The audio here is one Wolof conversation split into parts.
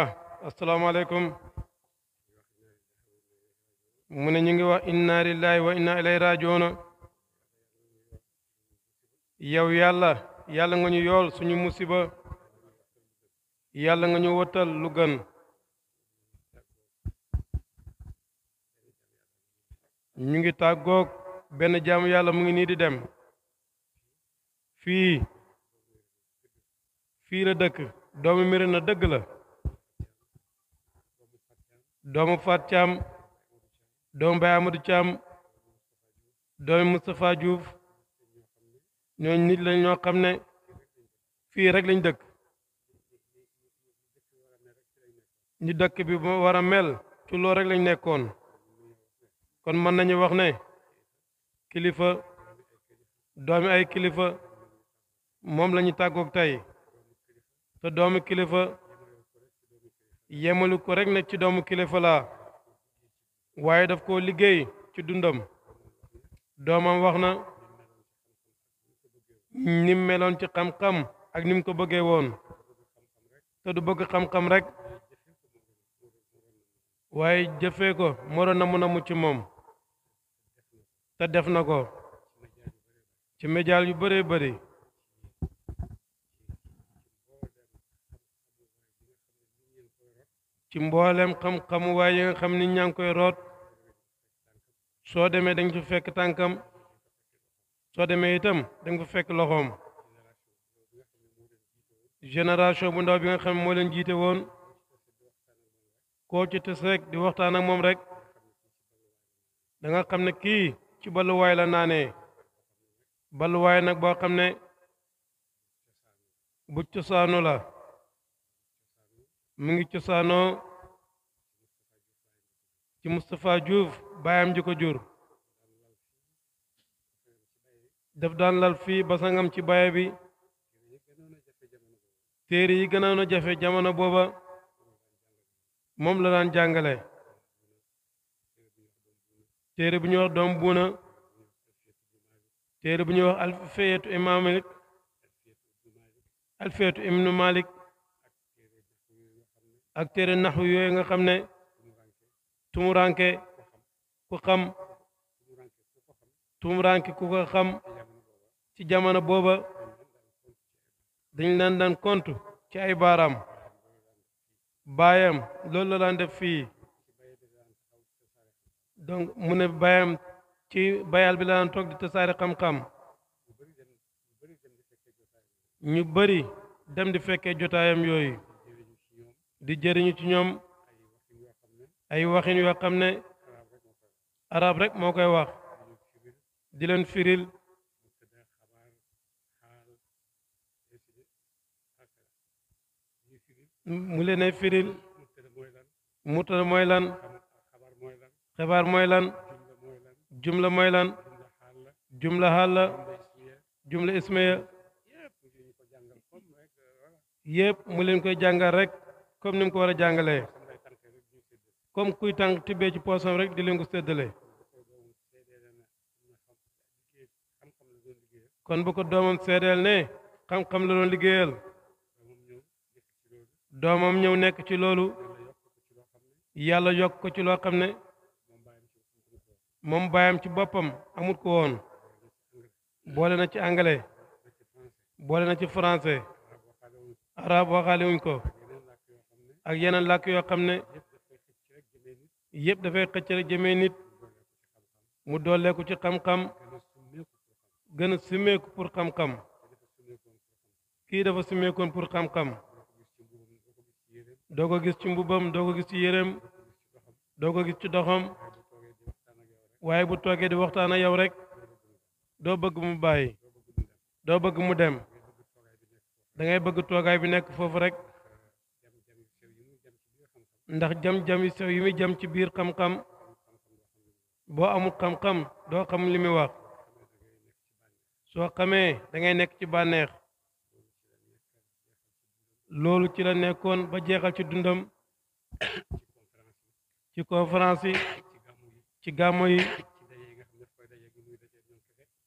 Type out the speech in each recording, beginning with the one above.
ah asalaamaaleykum mu ne ñu ngi wax inna lillahi wa inna rajoona yow yàlla yàlla nga ñu yool suñu musiba yàlla nga ñu wëttal lu gën ñu ngi tàggoog benn jaamu yàlla mu ngi nii di dem fii fii la dëkk doomu mbir na dëgg la doomu Fat Thiam doomu Baye Amadou Thiam doomu Moustapha Diouf ñooñu nit la ñoo xam ne fii rek lañ dëkk ñu dëkk bi war a mel ci loolu rek lañ nekkoon kon mën nañu wax ne kilifa doomi ay kilifa moom la ñu tàggoog tey te doomi kilifa yemalu ko rek ne ci doomu kilifa laa waaye daf ko liggéey ci dundam doomam wax na nim meloon ci xam-xam ak nim ko bëggee woon te du bëgg xam-xam rek waaye jëfee ko moroon na mun a mucc moom te def na ko ci médial yu bëree bëri ci mboolem xam-xamu waay yi nga xam ni ñaa ngi koy root soo demee danga fa fekk tànkam soo demee itam danga fa fekk loxoom génération bu ndaw bi nga xam moo leen jiite woon koo ci tes di waxtaan ak moom rek danga xam ne kii ci balluwaay la naanee balluwaay nag boo xam ne bu cosaanu la mi ngi cosaanoo ci Moustapha Diouf baayam ji ko jur daf daan lal fii basangam ci baye bi téere yi gënoon jafe jamono booba moom la daan jàngale téere bu ñuy wax doom buuna téere bu ñuy wax alfiyatu imam malik alfiyatu ibnu malik ak téere naxu yooyu nga xam ne tumuranke ku xam tumuranke ku ko xam ci jamono booba dañu leen daan kontu ci ay baaraam baayam loolu la daan def fii donc mu ne baayam ci bayal bi la daan toog di tasaare xam-xam ñu bari dem di fekkee jotaayam yooyu di jëriñu ci ñoom ay waxin yoo xam ne arab rek moo koy wax di leen firil mu leen ay firil mubtada mooy lan xabaar mooy lan jumla mooy lan jumla xaal jumla ismiya yépp mu leen koy jàngal rek comme ni mu ko war a jàngalee comme kuy tànk tibbee ci poosam rek di leen ko séddale kon bu ko doomam seedeel ne xam-xam la doon liggéeyal doomam ñëw nekk ci loolu yàlla yokk ko ci loo xam ne moom baayam ci boppam amut ko woon boole na ci anglais boole na ci français arabe waxaale wuñ ko ak yeneen lakk yoo xam ne yëpp dafay xëcc rek jëmee nit mu dooleeku ci xam-xam gën a sumeeku pour xam kii dafa sumeekoon pour xam-xam doo ko gis ci mbubam doo ko gis ci yéreem doo ko gis ci doxam waaye bu toogee di waxtaan ak yow rek doo bëgg mu bàyyi doo bëgg mu dem da ngay bëgg toogaay bi nekk foofu rek ndax jam-jami sew yi muy jam ci biir xam-xam boo amul xam-xam doo xam li muy wax soo kamee da ngay nekk ci bànneex loolu ci la nekkoon ba jeexal ci dundam ci conférence yi ci gàmmu yi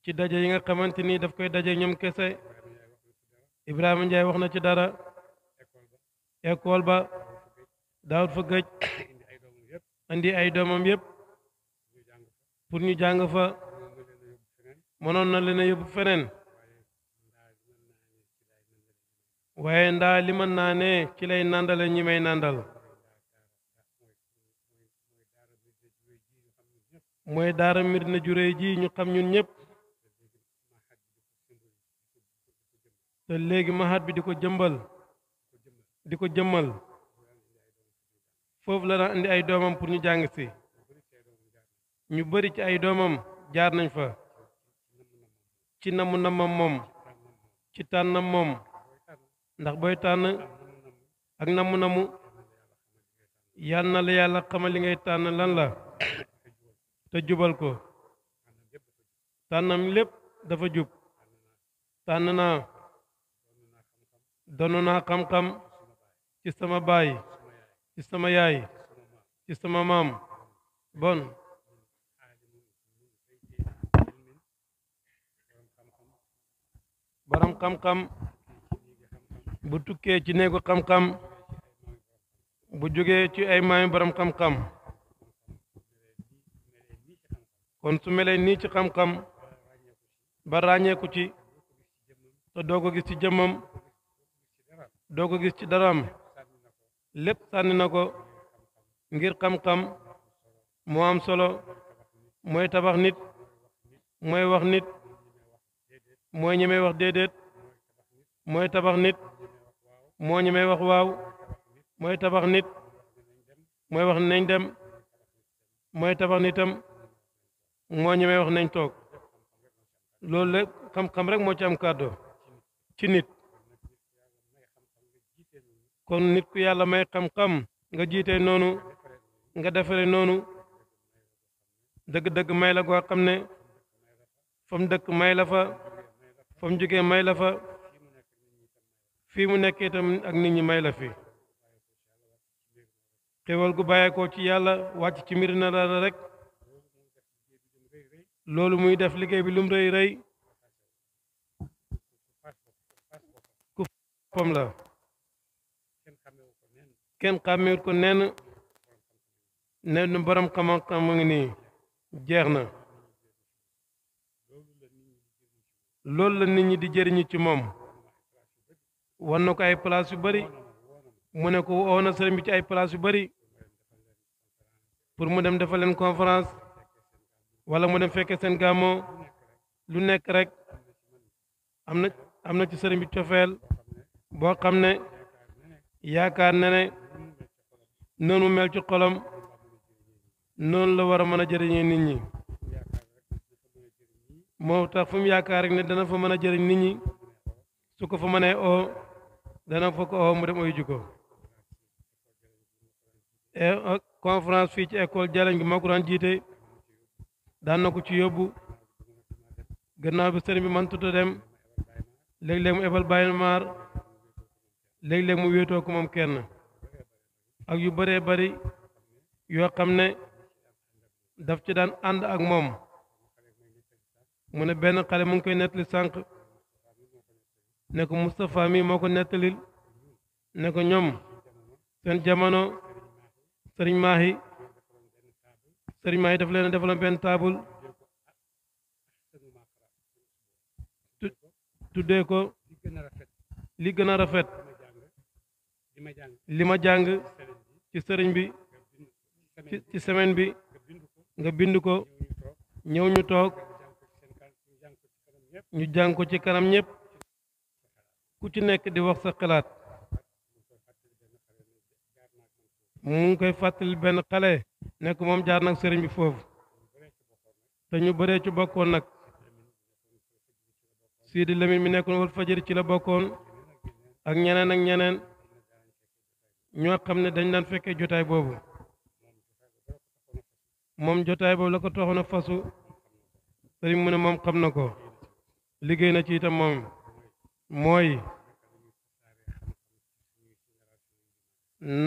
ci daje yi nga xamante ni daf koy daje ñom kese Ibrahima Ndiaye wax na ci dara école ba daawut fa gëj andi ay doomam yépp pour ñu jàng fa mënoon na leen a yóbbu feneen waaye ndaa li mën naa ne ci lay nàndale ñi may nàndal mooy daara mbir na juree ji ñu xam ñun ñëpp te léegi mahat bi di ko jëmbal di ko jëmmal foofu la daan indi ay doomam pour ñu jàng si ñu bëri ci ay doomam jaar nañ fa ci namu namam moom ci tànnam moom ndax booy tànn ak namu namu yal na la yàlla xamal li ngay tànn lan la te jubal ko tànnam lépp dafa jub tànn naa donu naa xam-xam ci sama baay ci sama yaay ci sama maam bon baram xam-xam bu tukkee ci néegu xam-xam bu jógee ci ay maami baram xam-xam kon su melee nii ci xam-xam ba ràññeeku ci te doo ko gis ci jëmmam doo ko gis ci daraam lépp sànni na ko ngir xam-xam moo am solo mooy tabax nit mooy wax nit mooy ñemee wax déedéet mooy tabax nit moo ñemee wax waaw mooy tabax nit mooy wax nañ dem mooy tabax nitam moo ñemee wax nañ toog loolu lépp xam-xam rek moo ci am ci nit kon nit ku yàlla may xam-xam nga jiite noonu nga defare noonu dëgg-dëgg may la goo xam ne fa mu may la fa fa mu jógee may la fa fii mu nekk itam ak nit ñi may la fi xéwal gu bàyyeekoo ci yàlla wàcc ci mbir na rek loolu muy def liggéey bi lum rëy rëy ku fam la kenn xàmmewut ko nenn nenn borom xam-xam mu ngi nii jeex na loolu la nit ñi di jëriñ ci moom wan na ko ay place yu bari mu ne ko woo na sëriñ ci ay place yu bari pour mu dem defal leen conférence wala mu dem fekke seen gàmmoo lu nekk rek am na am na ci sëriñ bi cofeel boo xam ne yaakaar na ne noonu mel ci xolam noonu la war a mën a jëriñee nit ñi moo tax fu mu yaakaar rek ne dana fa mën a jëriñ nit ñi su ko fa mënee oo dana fa ko oo mu dem oy jikko e, conférence fii ci école Jalañ gi moo ko daan jiite daan na ko ci yóbbu gannaaw bi sëriñ bi man tuta dem léeg-léeg mu ebal bàyyi maar mu wéetoo ko moom kenn ak yu bëree bëri yoo xam ne daf ci daan ànd ak moom mu ne benn xale mu ngi koy nettali sànq ne ko Moustapha mi moo ko nettalil ne ko ñom seen jamono sëriñ Mahi sëriñ Mahi daf leen defaloon benn taabul tuddee ko li gën a rafet li ma ci sëriñ bi ci semaine bi nga bind ko ñëw ñu toog ñu jàng ko ci kanam ñëpp ku ci nekk di wax sa xalaat mu ngi koy fàttali benn xale nekk moom jaar nag sëriñ bi foofu te ñu bëree ci bokkoon nag Sidi Lamine mi nekkoon wal fajari ci la bokkoon ak ñeneen ak ñeneen ñoo xam ne dañ daan fekkee jotaay boobu moom jotaay boobu la ko toxoon a fasu sëriñ mu moom xam na ko liggéey na ci tam moom mooy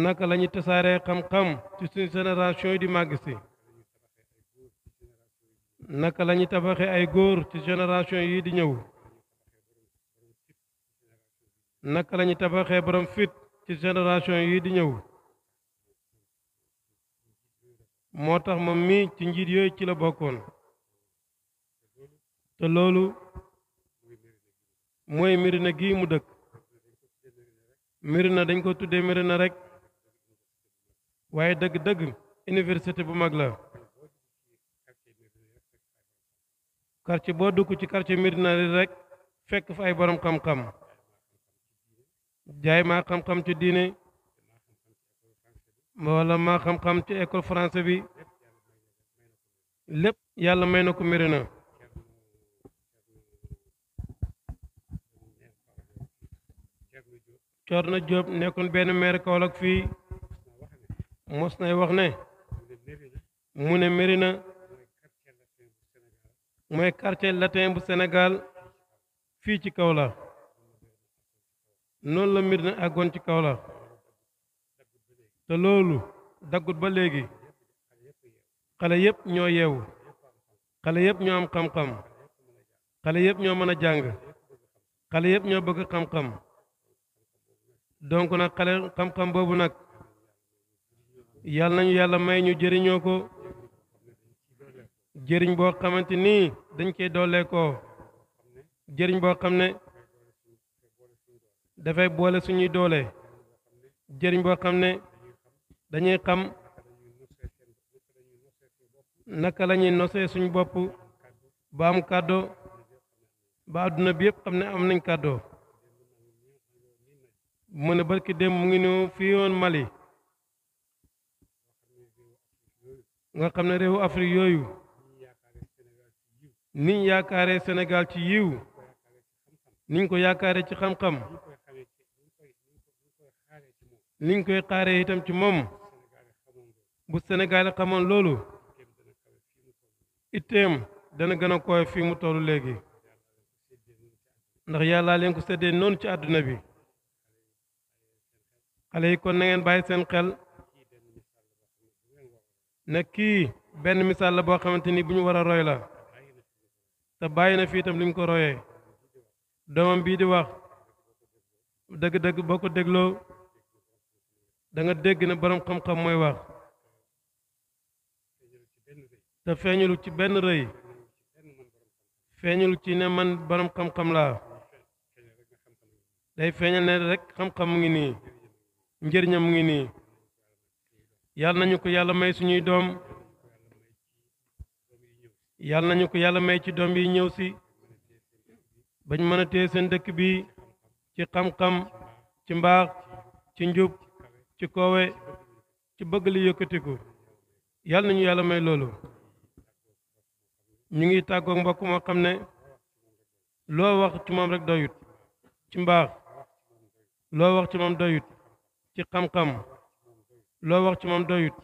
naka la ñuy tasaaree xam-xam ci suñu génération yi di màgg si naka lañuy tabaxee ay góor ci génération yi di ñëw naka la tabaxee borom fit ci génération yii di ñëw moo tax moom mii ci njiit yooyu ci la bokkoon te loolu mooy na gii mu dëkk Médina dañ ko tuddee Médina rek waaye dëgg-dëgg université bu mag la quartier boo dugg ci quartier Médina rek fekk fa ay borom xam-xam jaay maa xam-xam ci diine wala maa xam-xam ci école français bi lépp yàlla may na ko méré na Jóob nekkoon benn maire Kaolack fii mos nay wax ne mu ne Mérina mooy quartier latin bu Sénégal fii ci Kaolack noonu la mbir na àggoon ci kaw la te loolu daggut ba léegi xale yépp ñoo yeewu xale yépp ñoo am xam-xam xale yépp ñoo mën a jàng xale yépp ñoo bëgg xam-xam donc nag xale xam-xam boobu nag yàlla nañu yàlla may ñu jëriñoo ko jëriñ boo xamante nii dañ koy doolee koo jëriñ boo xam ne dafay boole suñuy doole jëriñ boo xam ne dañuy xam naka la nosee suñu bopp ba am kàddoo ba àdduna bi yëpp xam ne am nañ kàddoo mu ne barki dem mu ngi ñëw fii woon Mali nga xam ne réewu Afrique yooyu niñ yaakaare Sénégal ci yiw niñ ko yaakaaree ci xam-xam niñ koy xaaree itam ci moom bu Sénégal xamoon loolu itteem dana gën a koy fii mu toll léegi ndax yàllaa leen ko séddee noonu ci àdduna bi xale yi kon na ngeen bàyyi seen xel ne kii benn misaal la boo xamante ni bu ñu war a roy la te bàyyi na fii tam liñ ko royee doomam bii di wax dëgg-dëgg boo ko dégloo da dégg na boroom xam-xam mooy wax te feeñulu ci benn rëy feeñul ci ne man boroom xam-xam laa day feeñal ne rek xam-xam mu ngi nii njëriñam mu ngi nii yàlla nañu ko yàlla may suñuy doom yàlla nañu ko yàlla may ci doom yi ñëw si bañ mën a téye seen dëkk bi ci xam-xam ci mbaax ci njub ci koowe ci bëgg li yëkkatiku yàlla nañu yàlla may loolu ñu ngi tàggoo mbokk moo xam ne loo wax ci moom rek doyut ci mbaax loo wax ci moom doyut ci xam-xam loo wax ci moom doyut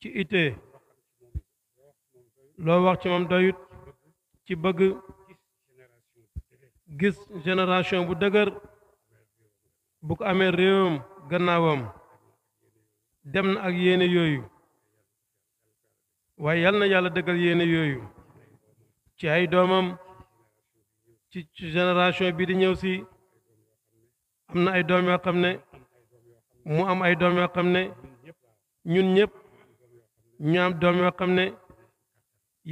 ci ite loo wax ci moom doyut ci bëgg gis génération bu dëgër bu ko amee réewam gannaawam dem na ak yéene yooyu waaye yal na yàlla dëggal yéene yooyu ci ay doomam ci génération bi di ñëw si am na ay doom yoo xam ne mu am ay doom yoo xam ne ñun ñëpp ñu am doom yoo xam ne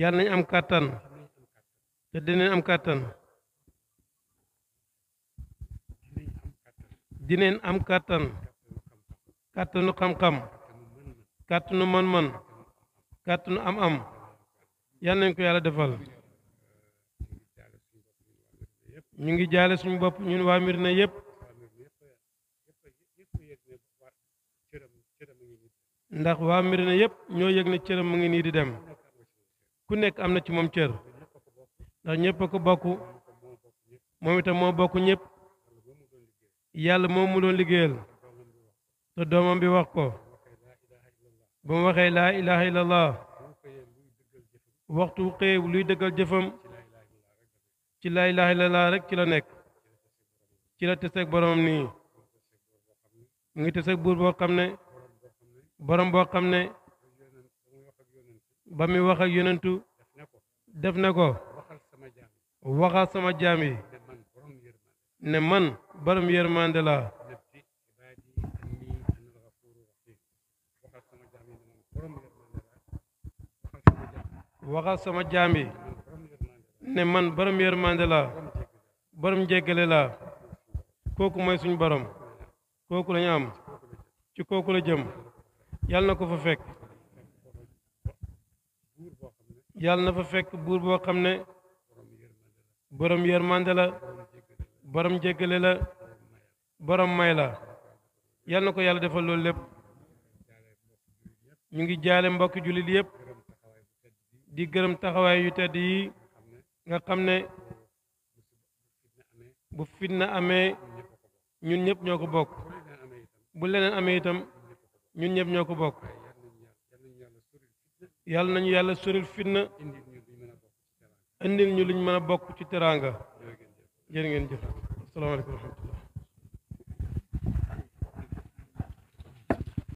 yàlla nañ am kàttan te dinañ am kàttan dinañ am kàttan kàttanu xam-xam kàttanu man-man kàttanu am-am yal nañ ko yàlla defal ñu ngi jaale suñu bopp ñun waa Mirina yépp ndax waa na yépp ñoo yëg na cëram mu ngi nii di dem ku nekk am na ci moom cër ndax ñépp a ko bokk moom itam moo bokk ñépp yàlla moo mu doon liggéeyal te doomam bi wax ko ba mu waxee laa ilaha illallah waxtu xëy luy dëggal jëfam ci laa ilaha illallah rek ci la nekk ci la teseeg boromam nii mu ngi teseeg buur boo xam ne borom boo xam ne ba muy wax ak yonentu def na ko waxal sama jaam yi ne man borom yërmande laa waxal sama jaam ne man borom yërmande laa borom jéggale laa kooku mooy suñu borom kooku lañu am ci kooku la jëm yàlla na ko fa fekk yàlla na fa fekk buur boo xam ne borom yërmande la borom jéggale la borom may la yàlla na ko yàlla defal loolu lépp ñu ngi jaale mbokk jullit yépp di gërëm taxawaay yu tedd yi nga xam ne bu fitna amee ñun ñëpp ñoo ko bokk bu leneen amee itam ñun ñëpp ñoo ko bokk yàlla nañu yàlla soril fitna indil ñu luñ mën a bokk ci teraanga jërë ngeen jëf